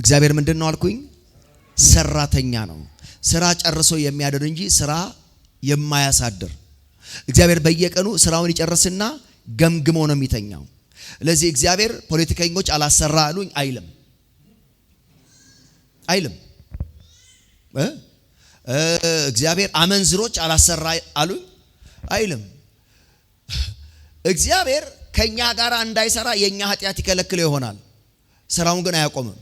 እግዚአብሔር ምንድን ነው አልኩኝ? ሰራተኛ ነው። ስራ ጨርሶ የሚያድር እንጂ ስራ የማያሳድር እግዚአብሔር በየቀኑ ስራውን ይጨርስና ገምግሞ ነው የሚተኛው። ለዚህ እግዚአብሔር ፖለቲከኞች አላሰራ አሉኝ አይልም አይልም። እግዚአብሔር አመንዝሮች አላሰራ አሉኝ አይልም። እግዚአብሔር ከኛ ጋር እንዳይሰራ የኛ ኃጢአት ይከለክለው ይሆናል፣ ስራውን ግን አያቆምም።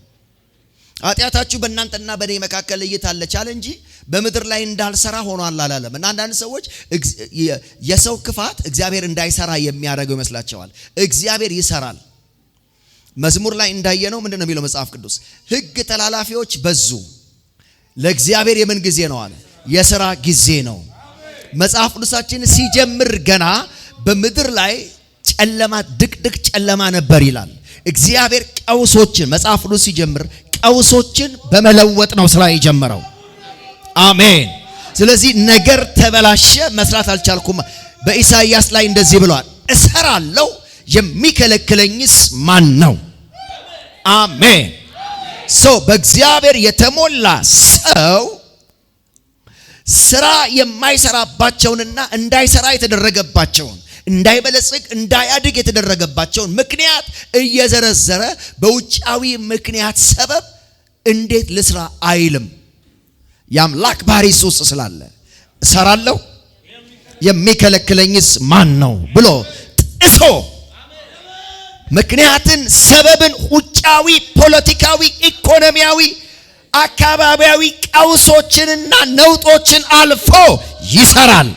ኃጢአታችሁ በእናንተና በእኔ መካከል እይታለች አለ እንጂ በምድር ላይ እንዳልሰራ ሆኗል አላለም። እና አንዳንድ ሰዎች የሰው ክፋት እግዚአብሔር እንዳይሰራ የሚያደርገው ይመስላቸዋል። እግዚአብሔር ይሰራል። መዝሙር ላይ እንዳየነው ምንድን ነው የሚለው መጽሐፍ ቅዱስ? ሕግ ተላላፊዎች በዙ፣ ለእግዚአብሔር የምን ጊዜ ነው አለ? የሥራ ጊዜ ነው። መጽሐፍ ቅዱሳችን ሲጀምር ገና በምድር ላይ ጨለማ፣ ድቅድቅ ጨለማ ነበር ይላል። እግዚአብሔር ቀውሶችን መጽሐፍ ቅዱስ ሲጀምር ቀውሶችን በመለወጥ ነው ስራ የጀመረው። አሜን። ስለዚህ ነገር ተበላሸ፣ መስራት አልቻልኩም። በኢሳይያስ ላይ እንደዚህ ብሏል፣ እሰራለሁ የሚከለክለኝስ ማን ነው? አሜን። ሰው በእግዚአብሔር የተሞላ ሰው ስራ የማይሰራባቸውንና እንዳይሰራ የተደረገባቸውን እንዳይበለጽግ እንዳያድግ የተደረገባቸውን ምክንያት እየዘረዘረ በውጫዊ ምክንያት ሰበብ እንዴት ልስራ አይልም። የአምላክ ባህሪ ውስጥ ስላለ እሰራለሁ የሚከለክለኝስ ማን ነው ብሎ ጥሶ ምክንያትን፣ ሰበብን፣ ውጫዊ፣ ፖለቲካዊ፣ ኢኮኖሚያዊ፣ አካባቢያዊ ቀውሶችንና ነውጦችን አልፎ ይሰራል።